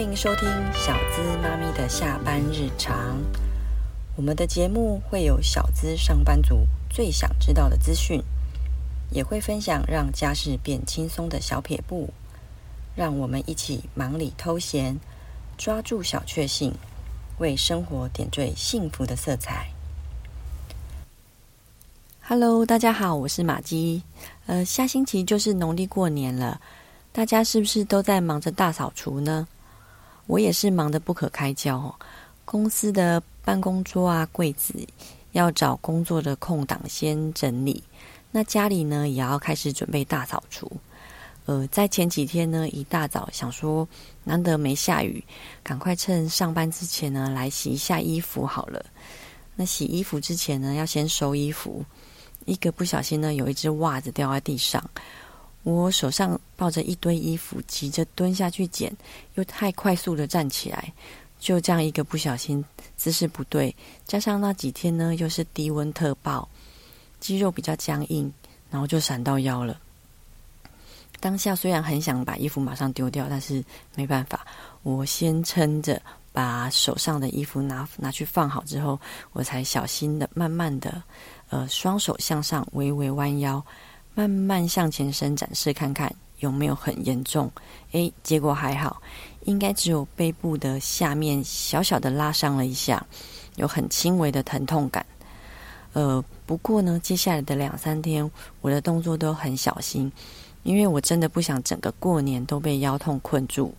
歡迎收聽小資媽咪的下班日常。我們的節目會有小資上班族最想知道的資訊，也會分享讓家事變輕鬆的小撇步。讓我們一起忙裡偷閒，抓住小確幸，為生活點綴幸福的色彩。Hello，大家好，我是瑪姬。呃，下星期就是農曆過年了，大家是不是都在忙着大掃除呢？我也是忙得不可開交，公司的辦公桌啊、櫃子，要找工作的空檔先整理。那家裡呢，也要開始準備大掃除。呃，在前幾天呢，一大早想說，難得沒下雨，趕快趁上班之前呢，來洗一下衣服好了。那洗衣服之前呢，要先收衣服，一個不小心呢，有一隻襪子掉在地上。我手上抱着一堆衣服，急着蹲下去撿，又太快速的站起來，就這樣一個不小心，姿勢不對，加上那幾天呢又是低溫特報，肌肉比較僵硬，然後就閃到腰了。當下雖然很想把衣服馬上丟掉，但是沒辦法，我先撐着把手上的衣服拿，拿去放好之後，我才小心的、慢慢的，呃，雙手向上微微彎腰，慢慢向前伸展，試看看有沒有很嚴重。哎，結果還好，應該只有背部的下面小小的拉傷了一下，有很輕微的疼痛感。呃，不過呢，接下來的兩三天，我的動作都很小心，因為我真的不想整個過年都被腰痛困住。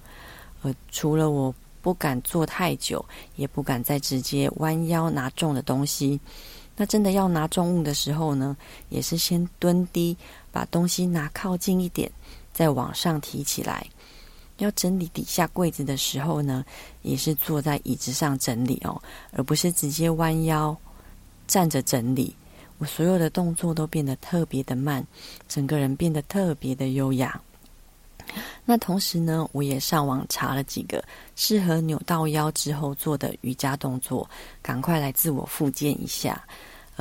呃，除了我不敢坐太久，也不敢再直接彎腰拿重的東西。那真的要拿重物的時候呢，也是先蹲低，把東西拿靠近一點，再往上提起來。要整理底下櫃子的時候呢，也是坐在椅子上整理哦，而不是直接彎腰站着整理。我所有的動作都變得特別的慢，整個人變得特別的優雅。那同時呢，我也上網查了幾個適合扭到腰之後做的瑜伽動作，趕快來自我復健一下。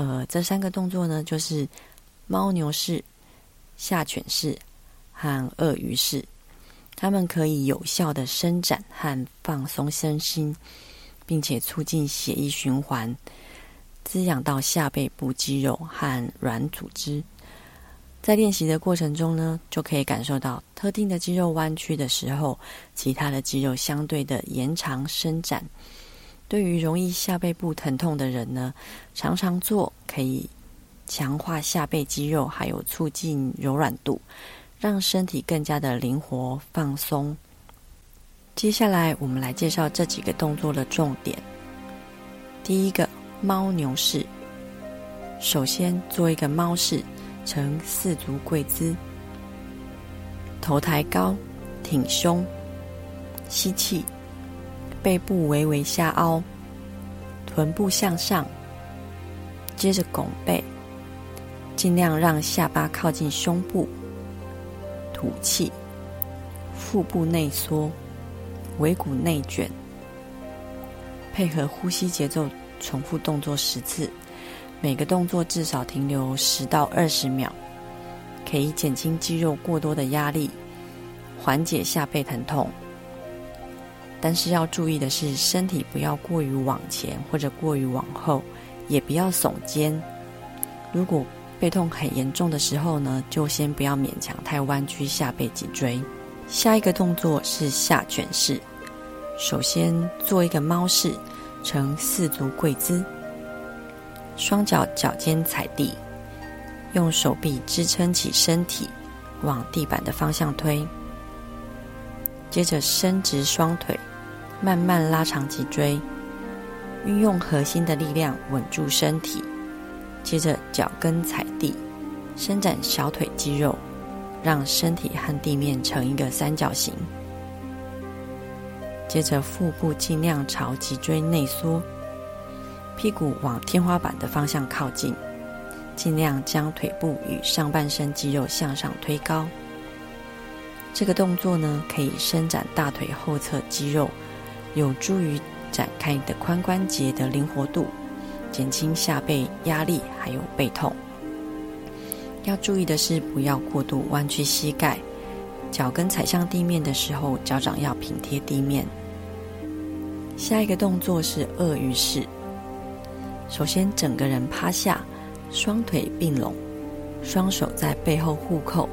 呃，這三個動作呢，就是貓牛式、下犬式和鱷魚式。它們可以有效的伸展和放鬆身心，並且促進血液循環，滋養到下背部肌肉和軟組織。在練習的過程中呢，就可以感受到特定的肌肉彎曲的時候，其他的肌肉相對的延長伸展。對於容易下背部疼痛的人呢，常常做可以強化下背肌肉，還有促進柔軟度，讓身體更加的靈活放鬆。接下來，我們來介紹這幾個動作的重點。第一個貓牛式，首先做一個貓式，呈四足跪姿，頭抬高，挺胸，吸氣。背部微微下凹，臀部向上，接着拱背，盡量讓下巴靠近胸部，吐氣，腹部內縮，尾骨內捲，配合呼吸節奏，重複動作十次，每個動作至少停留十到二十秒，可以減輕肌肉過多的壓力，緩解下背疼痛。但是要注意的是，身體不要過於往前或者過於往後，也不要聳肩。如果背痛很嚴重的時候呢，就先不要勉強太彎曲下背脊椎。下一個動作是下犬式。首先做一個貓式，呈四足跪姿，雙腳腳尖踩地，用手臂支撐起身體，往地板的方向推。接着伸直雙腿。慢慢拉長脊椎，運用核心的力量穩住身體，接着腳跟踩地，伸展小腿肌肉，讓身體和地面成一個三角形。接着腹部盡量朝脊椎內縮，屁股往天花板的方向靠近，盡量將腿部與上半身肌肉向上推高。這個動作呢，可以伸展大腿後側肌肉。有助於展開你的髖關節的靈活度，減輕下背壓力，還有背痛。要注意的是，不要過度彎曲膝蓋，腳跟踩向地面的時候，腳掌要平貼地面。下一個動作是鱷魚式。首先，整個人趴下，雙腿併攏，雙手在背後互扣，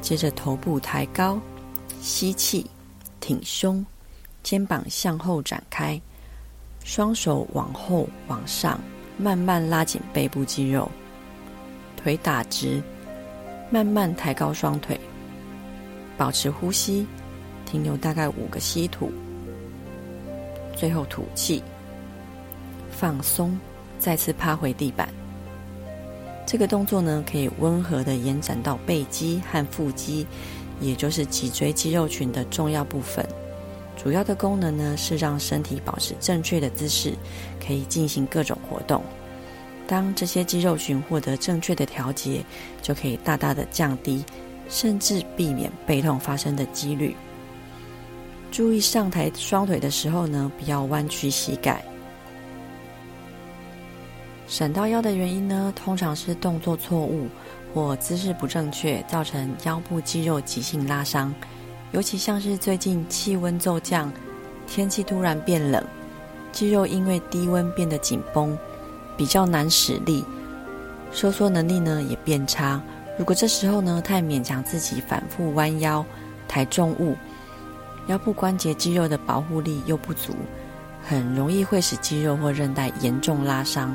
接着頭部抬高，吸氣，挺胸。肩膀向後展開，雙手往後往上，慢慢拉緊背部肌肉，腿打直，慢慢抬高雙腿，保持呼吸，停留大概五個吸吐，最後吐氣，放鬆，再次趴回地板。這個動作呢，可以溫和的延展到背肌和腹肌，也就是脊椎肌肉群的重要部分。主要的功能呢，是讓身體保持正確的姿勢，可以進行各種活動。當這些肌肉群獲得正確的調節，就可以大大的降低，甚至避免背痛發生的幾率。注意上抬雙腿的時候呢，不要彎曲膝蓋。閃到腰的原因呢，通常是動作錯誤或姿勢不正確，造成腰部肌肉急性拉傷。尤其像是最近氣溫驟降，天氣突然變冷，肌肉因為低溫變得緊繃，比較難使力，收縮能力呢也變差。如果這時候呢太勉強自己反覆彎腰抬重物，腰部關節肌肉的保護力又不足，很容易會使肌肉或韌帶嚴重拉傷。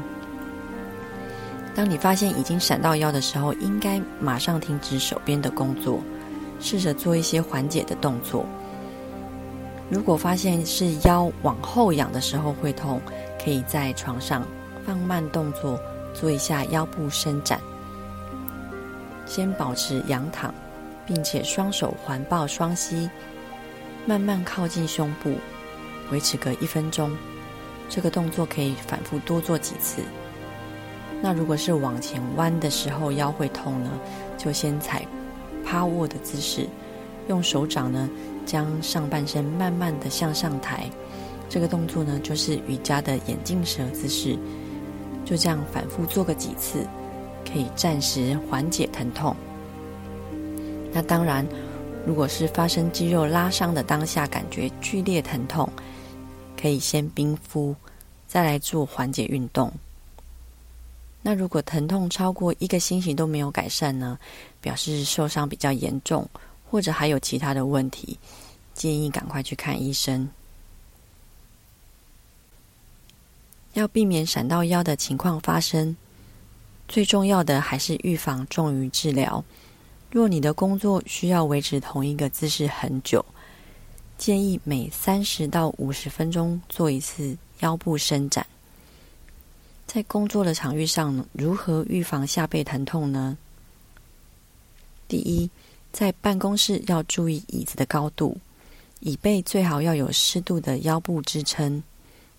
當你發現已經閃到腰的時候，應該馬上停止手邊的工作。試着做一些緩解的動作。如果發現是腰往後仰的時候會痛，可以在床上放慢動作，做一下腰部伸展。先保持仰躺，並且雙手環抱雙膝，慢慢靠近胸部，維持個一分鐘。這個動作可以反覆多做幾次。那如果是往前彎的時候腰會痛呢，就先踩趴臥的姿勢，用手掌呢，將上半身慢慢的向上抬，這個動作呢就是瑜伽的眼鏡蛇姿勢。就這樣反復做個幾次，可以暫時緩解疼痛。那當然，如果是發生肌肉拉傷的當下，感覺劇烈疼痛，可以先冰敷，再來做緩解運動。那如果疼痛超過一個星期都沒有改善呢？表示受傷比較嚴重，或者還有其他的問題，建議趕快去看醫生。要避免閃到腰的情況發生，最重要的還是預防重於治療。若你的工作需要維持同一個姿勢很久，建議每三十到五十分鐘做一次腰部伸展。在工作的場域上，如何預防下背疼痛呢？第一，在辦公室要注意椅子的高度，椅背最好要有適度的腰部支撐，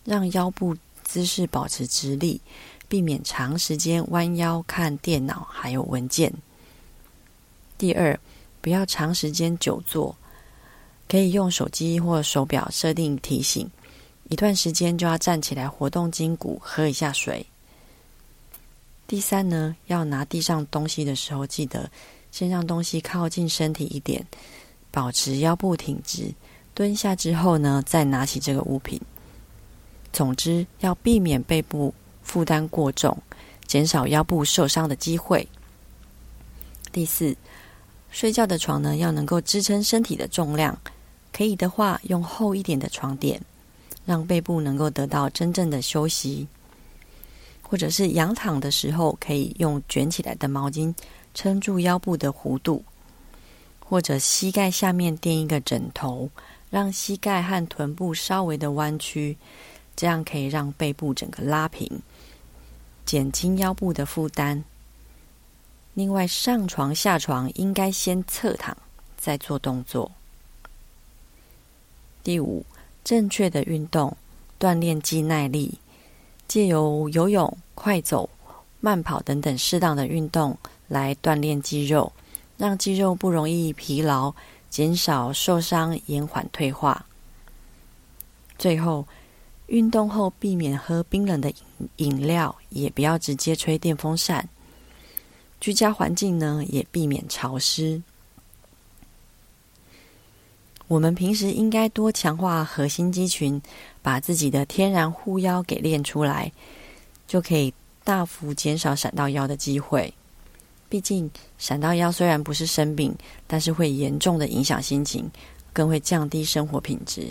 讓腰部姿勢保持直立，避免長時間彎腰看電腦還有文件。第二，不要長時間久坐，可以用手機或手錶設定提醒，一段時間就要站起來活動筋骨，喝一下水。第三呢，要拿地上東西的時候，記得先讓東西靠近身體一點，保持腰部挺直。蹲下之後呢，再拿起這個物品。總之，要避免背部負擔過重，減少腰部受傷的機會。第四，睡覺的床呢，要能夠支撐身體的重量。可以的話，用厚一點的床墊，讓背部能夠得到真正的休息。或者是仰躺的時候，可以用捲起來的毛巾撐住腰部的弧度，或者膝蓋下面墊一個枕頭，讓膝蓋和臀部稍微的彎曲，這樣可以讓背部整個拉平，減輕腰部的負擔。另外，上床下床應該先側躺再做動作。第五，正確的運動，鍛鍊肌耐力。借由游泳、快走、慢跑等等適當的運動，來鍛鍊肌肉，讓肌肉不容易疲勞，減少受傷，延緩退化。最後，運動後避免喝冰冷的飲飲料，也不要直接吹電風扇。居家環境呢，也避免潮濕。我們平時應該多強化核心肌群，把自己的天然護腰給練出來，就可以大幅減少閃到腰的機會。畢竟，閃到腰雖然不是生病，但是會嚴重的影響心情，更會降低生活品質。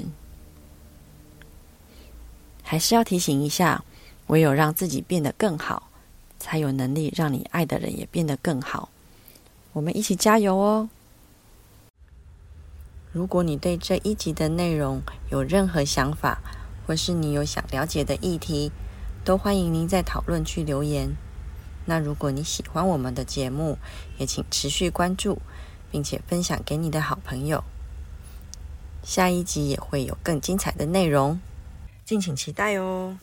還是要提醒一下，唯有讓自己變得更好，才有能力讓你愛的人也變得更好。我們一起加油哦！如果你對這一集的內容有任何想法，或是你有想了解的議題，都歡迎您在討論區留言。那如果你喜歡我們的節目，也請持續關注，並且分享給你的好朋友。下一集也會有更精彩的內容，敬請期待哦。